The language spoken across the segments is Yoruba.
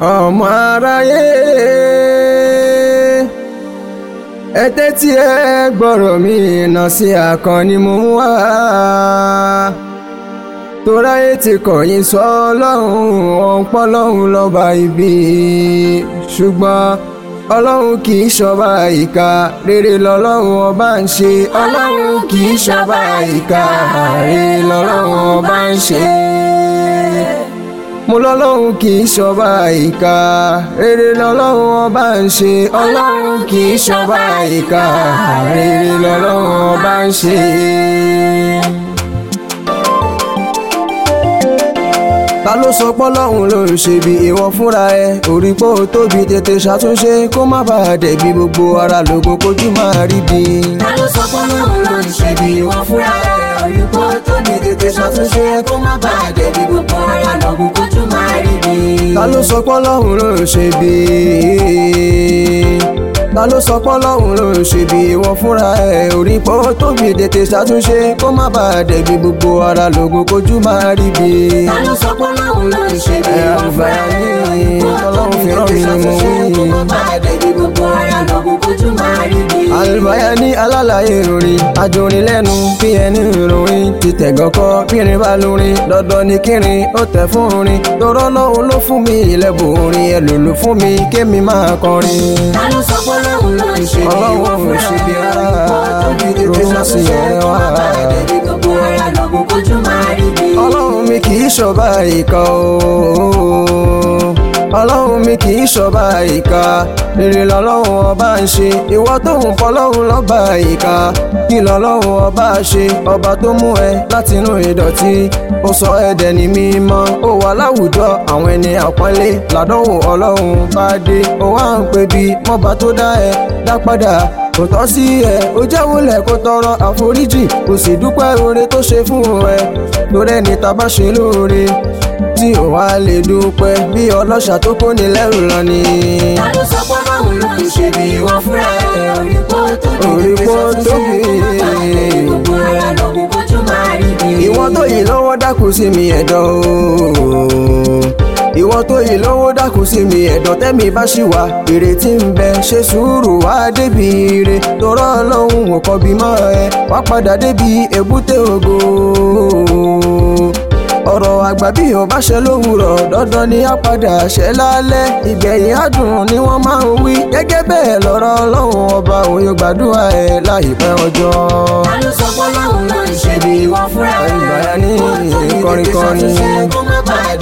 ọmọ aráyé ẹ tẹ́tí ẹ gbọ́rọ̀ mi iná sí àkànní mò ń wá toráyé ti kọ̀yìn sọ ọlọ́run ọ̀pọ̀ ọlọ́run lọ́ba ibi ṣùgbọ́n ọlọ́run kì í ṣọba ìka rere lọ́lọ́run ọba ń ṣe ọlọ́run kì í ṣọba ìka rere lọ́lọ́run ọba ń ṣe mo lọ́lọ́run kì í ṣọba ìkà rere lọ́lọ́run ọba ń ṣe ọlọ́run kì í ṣọba ìkà rere lọ́lọ́run ọba ń ṣe. ta ló sọ pọ́lọ́hún ló ń ṣe bí ìwọ fúnra ẹ orí pé ó tóbi tètè ṣàtúnṣe kó má bàa dẹ̀bi gbogbo ara lógo kójú máa rí bi. ta ló sọ pọ́lọ́hún ló ń ṣe bí ìwọ fúnra ẹ orí pé ó tóbi tètè ṣàtúnṣe kó má bàa dẹ̀bi gbogbo ara lógo kójú máa rí bi ta ló sọ pé ọlọ́run ló ń ṣe bí ta ló sọ pé ọlọ́run ló ń ṣe bí wọ́n fúnra ẹ̀ orí pọ́ tóbi tètè ṣàtúnṣe kó má bàa dẹ̀bi gbogbo ara lògùn kójú máa rí bí. ta ló sọ pé ọlọ́run ló ń ṣe bí wọ́n fúnra ẹ̀ orí pọ́ tóbi tètè ṣàtúnṣe kó má bàa dẹ̀bi gbogbo ara lògùn kójú máa rí bí àlùbáyání alálàyé rori àjòrin lẹ́nu bí ẹni ìròyìn ti tẹ̀gàn kọ́ bírin bá lórin dandan ni kírin ó tẹ̀ fún orin tọrọ náà ó ló fún mi ìlẹ́bùn orin ẹlòlò fún mi kémi máa kọrin. ta ló sọ pé ọlọ́run ló ń ṣe bí wọ́n fúnra rẹ̀ wọ́n tó ti tètè ṣàtúnṣe wọ́n bá rẹ̀ bí. ọlọ́run mi kì í ṣọ̀bá ìkà ooo ọlọ́run mi kì í ṣọba ìka rere lọ́lọ́run ọba ń ṣe ìwọ tó ń fọlọ́run lọ́ba ìka kí lọ́lọ́run ọba ṣe ọba tó mú ẹ látinú ìdọ̀tí ó sọ ẹ̀dẹ̀ ní mímọ́ ó wà láwùjọ àwọn ẹni àpọ́nlé làdánwò ọlọ́run bá dé ó wá ń pè bí mọ́ba tó dá ẹ dá padà kò tọ́ sí ẹ ó jáwọ́lẹ̀ kó tọrọ àforíjì kò sì dúpẹ́ oore tó ṣe fún ẹ lórẹ́ni tá a lóore tí ò wá lè dúpẹ́ bí ọlọ́ṣà tó kó ní lẹ́rù lọ ni. ta ló sọ pé báwo ló fi ṣe bí ìwọ fúnra ẹ̀ orí pọ́ tó kì í fẹsẹ̀ tó ṣe é gbogbo ara lóògùn kójú máa rí mi. ìwọ tó yìí lọ́wọ́ dákun sí mi ẹ̀dọ̀ ooo ìwọ tó yìí lówó dákun sí mi ẹ̀dọ̀ tẹ́mi bá ṣì wá ìrètí ń bẹ ṣe sùúrù wá débi ire tọrọ ọlọ́run ò kọbi mọ́ ẹ wá padà débi èbúté ògo àgbà bí ò bá ṣe lówùrọ̀ dandan ni á padà ṣe lálẹ́ ìgbẹ̀yìn adùn ni wọ́n máa ń wí gẹ́gẹ́ bẹ́ẹ̀ lọ́rọ̀ ọlọ́run ọba òun yóò gbàdúrà ẹ̀ láìpẹ́ ọjọ́. alùsọ̀gbọ́n lọ́hùn náà ṣe bí wọ́n fúnra rẹ̀ kó tó ìdíje ṣàtúnṣe kó má bàa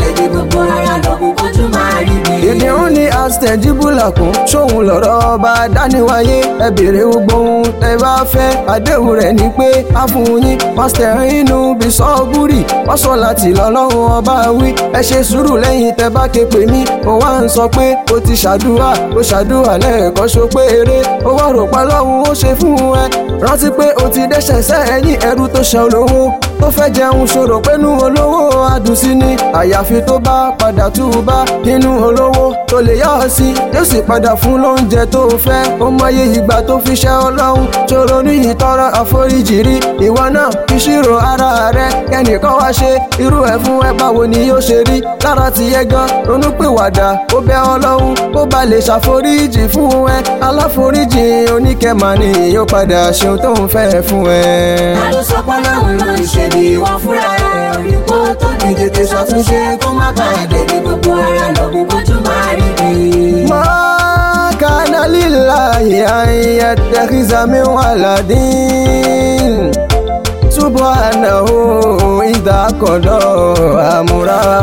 kìnìún ní àstẹ̀jíbù làkún ṣóun lọ̀rọ̀ ọba dáníwáyé ẹ béèrè gbogbo ohun tẹ bá fẹ́ àdéhùn rẹ̀ ni pé á fún yín pásítẹ̀ inú bíṣọ́ọ̀bùrì wọ́n sọ láti lọ́lọ́run ọba wí ẹ ṣe sùúrù lẹ́yìn tẹ bá ké pè mí ó wá ń sọ pé ó ti ṣàdúrà ó ṣàdúrà lẹ́ẹ̀kan ṣo pé eré ó wá rò pa ó ṣe fún ẹ rántí pé ó ti dẹ́ṣẹ̀ sẹ́yìn ẹrú tó ṣe olówó tó fẹ́ jẹun ṣòro pẹ́nu olówó adùn sí ni àyàfi tó bá padà tú u bá nínú olówó tó lè yá ọ sí yóò sì padà fún lóúnjẹ tó fẹ́ ó mọyé ìgbà tó fi ṣẹ́ ọlọ́run ṣòro ní ìtọ́rọ àforíjì rí ìwọ náà fi ṣírò ara rẹ kẹ́nìkan wá ṣe irú ẹ̀ fún ẹ báwo ni yóò ṣe rí lára tìyẹ gan ronúpìwàdà ó bẹ ọlọ́run kó ba lè ṣàforíjì fún ẹ aláforíjì oníkẹ́mà ni yóò padà ṣeun tó ń fẹ́ fún ẹ. àlùsọ̀pọ̀ náà ń ṣe ìwọ fúnra rẹ̀ òyìnbó tó ní tètè ṣàtúnṣe kó má bàa dé ní gbogbo ara lómi bójú máa rí ni. كان لله أن يتخذ من ولد سبحانه إذا قضى أمرا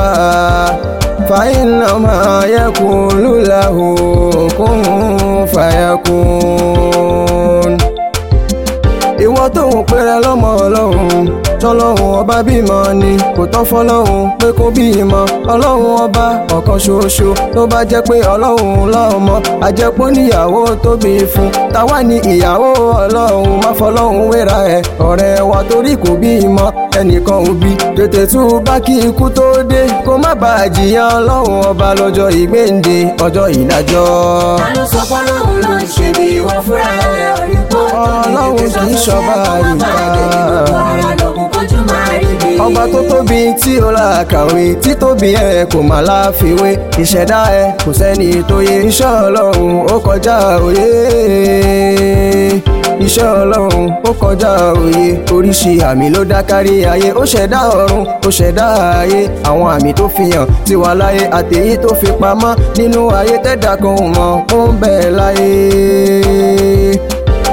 فإنما يقول له كن فيكون ìwọ tó ń pèrè lọ́mọ ọlọ́run tọ́lọ́hún ọba bímọ ni kò tán fọlọ́hún pé kó bí ìmọ̀ ọlọ́hún ọba ọ̀kan ṣoṣo tó bá jẹ́ pé ọlọ́hún lọ́mọ àjẹpọ̀ níyàwó tóbi fún táwa ni ìyàwó ọlọ́hún má fọlọ́hún wéra ẹ̀ ọ̀rẹ́ wa torí kò bí ìmọ̀ ẹnìkan òbí tètè tú bá kí ikú tó dé kó má bàa jìyà ọlọ́hún ọba lọ́jọ́ ìgbéǹde ọjọ́ ìdájọ́. ta ló sọ sọ fún ọmọ bàbá rẹ̀ ọba tó tóbi tí ó là kàwé títóbi ẹ kò má láfiwé ìṣẹ̀dá ẹ kò sẹ́ni tó yẹ iṣẹ́ ọlọ́run ó kọjá òye iṣẹ́ ọlọ́run ó kọjá òye oríṣi àmì ló dá kárí ayé ó ṣẹ̀dá ọ̀run ó ṣẹ̀dá ayé àwọn àmì tó fi hàn ti wà láyé àtèyí tó fi pamọ́ nínú ayé tẹ́dà kan mọ̀ ó ń bẹ láyé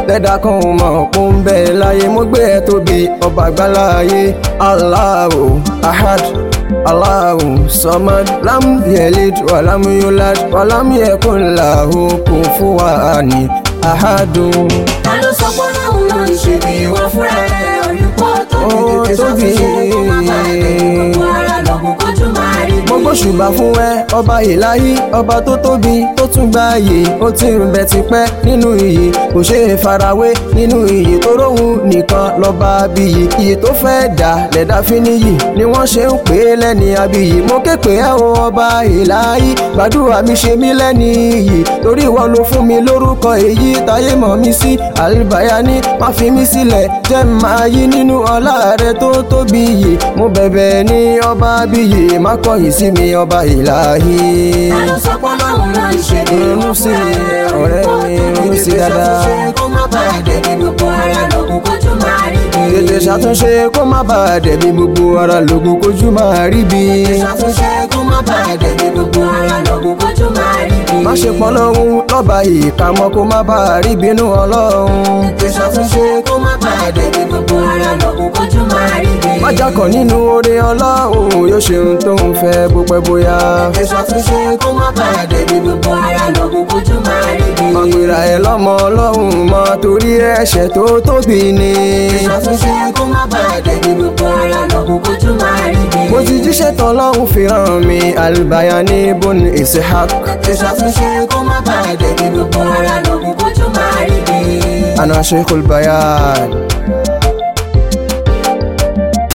dẹ́dá kan ò mọ̀ kó ń bẹ láyé mo gbé ẹ tóbi ọba àgbáláyé Allahu ahad Allahu samad lam yalid wa lam yulad wa lam yakun lahu kufuwan ahadu. ta ló sọ pé òun ló ń ṣe bí ìwọ fúnra rẹ olùkọ́ tó ti tẹ̀sán fún fún bàbá rẹ gbogbo ara lọ́gùn kọjú máa rí mi. mo gbóṣùbà fún ẹ ọba ìláyé ọba tó tóbi tún gba iyì ó ti ń bẹ tipẹ́ nínú iyì kò ṣe é farawé nínú iyì tó róhun nìkan lọ́ba abiyì iyì tó fẹ́ dà lẹ́dá fi ni wọ́n ṣe ń pè é lẹ́ni abiyì mo képe ẹ o ọba ìlàyí gbàdúrà mi ṣe mí lẹ́ni iyì torí ìwọ ló fún mi lórúkọ èyí táyé mọ̀ mí sí àlùbáyání má fi mí sílẹ̀ jẹ́ máa yí nínú ọlá rẹ tó tóbi yìí mo bẹ̀bẹ̀ ní ọba abiyì má kọ̀yìn sí mi ọba ìlàyí. àlọ́ sọ́pọ̀ lọ́run náà ń ṣe ronú sí ọ̀rẹ́ mi ronú sí dáadáa. tètè ṣàtúnṣe kó má bàa dẹ̀bi gbogbo ara lógun kójú máa rí bí. ṣàtúnṣe kó má bàa dẹ̀bi gbogbo ara lógun kójú máa rí má ṣe pọn lọ́ba ìkàmọ́ kó má bàa rí bínú ọlọ́run. tètè ṣàtúnṣe kó má bàa dẹ̀bi gbogbo ara lógun kójú máa rí má jákọ̀ nínú oore ọlọ́run yóò ṣe ohun tó ń fẹ́ bó pẹ́ bóyá. èso àtúnṣe kó má bàa débi gbogbo ara lòun kójú máa rí bi. ọ̀gbìnrà ẹ̀ lọ́mọ ọlọ́run mọ torí ẹ̀ṣẹ̀ tó tóbi ni. èso kó má bàa débi gbogbo ara lòun kójú máa rí bi. mo ti jíṣẹ́ tán lọ́hùn fi hàn mi albayani bun ishaq. èso àtúnṣe kó má bàa débi gbogbo ara lòun kójú máa rí bi. àná ṣe kò